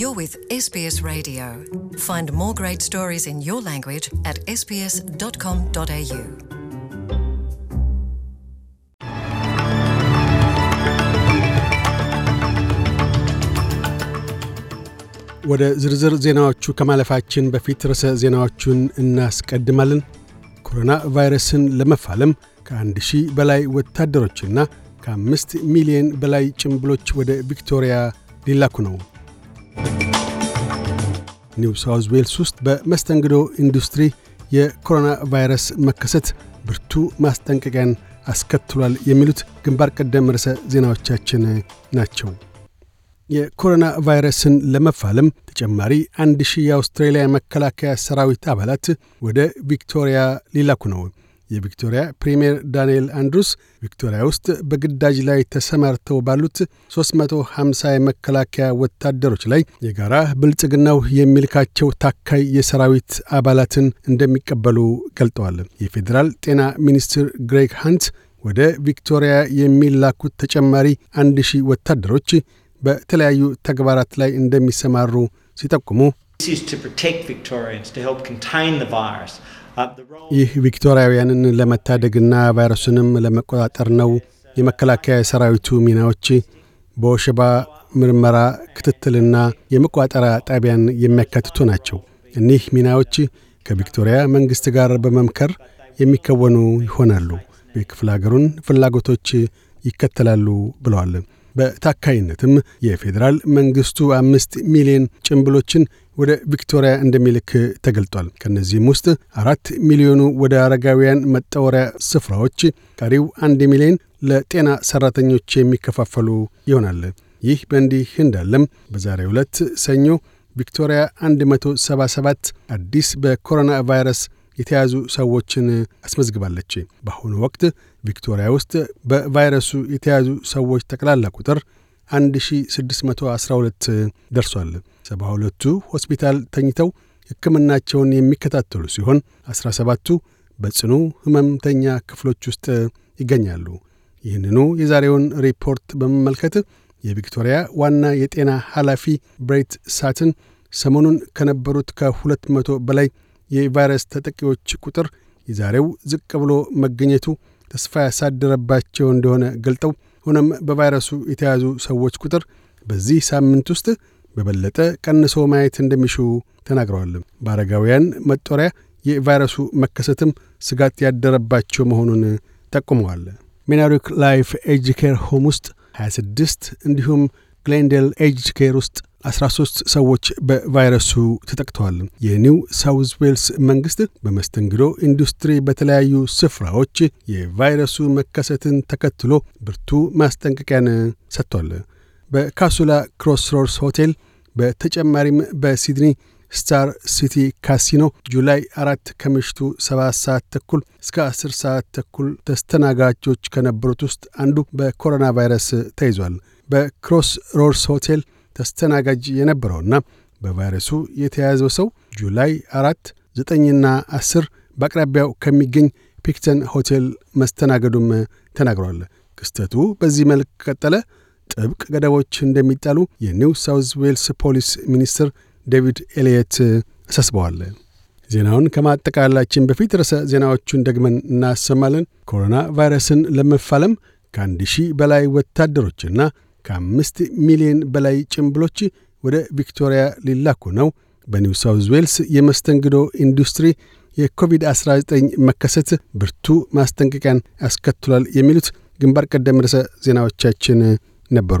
You're with SBS Radio. Find more great stories in your language at sbs.com.au. ወደ ዝርዝር ዜናዎቹ ከማለፋችን በፊት ርዕሰ ዜናዎቹን እናስቀድማለን። ኮሮና ቫይረስን ለመፋለም ከአንድ ሺህ በላይ ወታደሮችና ከአምስት ሚሊዮን በላይ ጭምብሎች ወደ ቪክቶሪያ ሊላኩ ነው። ኒው ሳውዝ ዌልስ ውስጥ በመስተንግዶ ኢንዱስትሪ የኮሮና ቫይረስ መከሰት ብርቱ ማስጠንቀቂያን አስከትሏል የሚሉት ግንባር ቀደም ርዕሰ ዜናዎቻችን ናቸው። የኮሮና ቫይረስን ለመፋለም ተጨማሪ አንድ ሺህ የአውስትሬልያ መከላከያ ሰራዊት አባላት ወደ ቪክቶሪያ ሊላኩ ነው። የቪክቶሪያ ፕሪምየር ዳንኤል አንድሩስ ቪክቶሪያ ውስጥ በግዳጅ ላይ ተሰማርተው ባሉት 350 የመከላከያ ወታደሮች ላይ የጋራ ብልጽግናው የሚልካቸው ታካይ የሰራዊት አባላትን እንደሚቀበሉ ገልጠዋል። የፌዴራል ጤና ሚኒስትር ግሬግ ሃንት ወደ ቪክቶሪያ የሚላኩት ተጨማሪ አንድ ሺህ ወታደሮች በተለያዩ ተግባራት ላይ እንደሚሰማሩ ሲጠቁሙ ይህ ቪክቶሪያውያንን ለመታደግና ቫይረሱንም ለመቆጣጠር ነው። የመከላከያ ሰራዊቱ ሚናዎች በወሸባ ምርመራ፣ ክትትልና የመቋጠሪያ ጣቢያን የሚያካትቱ ናቸው። እኒህ ሚናዎች ከቪክቶሪያ መንግሥት ጋር በመምከር የሚከወኑ ይሆናሉ። የክፍለ አገሩን ፍላጎቶች ይከተላሉ ብለዋል። በታካይነትም የፌዴራል መንግሥቱ አምስት ሚሊዮን ጭንብሎችን ወደ ቪክቶሪያ እንደሚልክ ተገልጧል። ከእነዚህም ውስጥ አራት ሚሊዮኑ ወደ አረጋውያን መጠወሪያ ስፍራዎች፣ ቀሪው አንድ ሚሊዮን ለጤና ሠራተኞች የሚከፋፈሉ ይሆናል። ይህ በእንዲህ እንዳለም በዛሬ ዕለት ሰኞ ቪክቶሪያ 177 አዲስ በኮሮና ቫይረስ የተያዙ ሰዎችን አስመዝግባለች። በአሁኑ ወቅት ቪክቶሪያ ውስጥ በቫይረሱ የተያዙ ሰዎች ጠቅላላ ቁጥር 1612 ደርሷል። 72ቱ ሆስፒታል ተኝተው ሕክምናቸውን የሚከታተሉ ሲሆን 17ቱ በጽኑ ህመምተኛ ክፍሎች ውስጥ ይገኛሉ። ይህንኑ የዛሬውን ሪፖርት በመመልከት የቪክቶሪያ ዋና የጤና ኃላፊ ብሬት ሳትን ሰሞኑን ከነበሩት ከሁለት መቶ በላይ የቫይረስ ተጠቂዎች ቁጥር የዛሬው ዝቅ ብሎ መገኘቱ ተስፋ ያሳደረባቸው እንደሆነ ገልጠው ሆነም በቫይረሱ የተያዙ ሰዎች ቁጥር በዚህ ሳምንት ውስጥ በበለጠ ቀንሶ ማየት እንደሚሹ ተናግረዋል። በአረጋውያን መጦሪያ የቫይረሱ መከሰትም ስጋት ያደረባቸው መሆኑን ጠቁመዋል። ሜናሪክ ላይፍ ኤጅ ኬር ሆም ውስጥ 26 እንዲሁም ግሌንዴል ኤጅ ኬር ውስጥ 13 ሰዎች በቫይረሱ ተጠቅተዋል። የኒው ሳውዝ ዌልስ መንግስት በመስተንግዶ ኢንዱስትሪ በተለያዩ ስፍራዎች የቫይረሱ መከሰትን ተከትሎ ብርቱ ማስጠንቀቂያን ሰጥቷል። በካሱላ ክሮስሮድስ ሆቴል በተጨማሪም በሲድኒ ስታር ሲቲ ካሲኖ ጁላይ አራት ከምሽቱ ሰባት ሰዓት ተኩል እስከ አስር ሰዓት ተኩል ተስተናጋጆች ከነበሩት ውስጥ አንዱ በኮሮና ቫይረስ ተይዟል። በክሮስ ሮድስ ሆቴል ተስተናጋጅ የነበረውና በቫይረሱ የተያዘው ሰው ጁላይ አራት ዘጠኝና አስር በአቅራቢያው ከሚገኝ ፒክተን ሆቴል መስተናገዱም ተናግሯል። ክስተቱ በዚህ መልክ ቀጠለ። ጥብቅ ገደቦች እንደሚጣሉ የኒው ሳውዝ ዌልስ ፖሊስ ሚኒስትር ዴቪድ ኤልየት አሳስበዋል። ዜናውን ከማጠቃላችን በፊት ርዕሰ ዜናዎቹን ደግመን እናሰማለን። ኮሮና ቫይረስን ለመፋለም ከአንድ ሺህ በላይ ወታደሮችና ከአምስት ሚሊዮን በላይ ጭምብሎች ወደ ቪክቶሪያ ሊላኩ ነው። በኒው ሳውዝ ዌልስ የመስተንግዶ ኢንዱስትሪ የኮቪድ-19 መከሰት ብርቱ ማስጠንቀቂያን ያስከትሏል። የሚሉት ግንባር ቀደም ርዕሰ ዜናዎቻችን ነበሩ።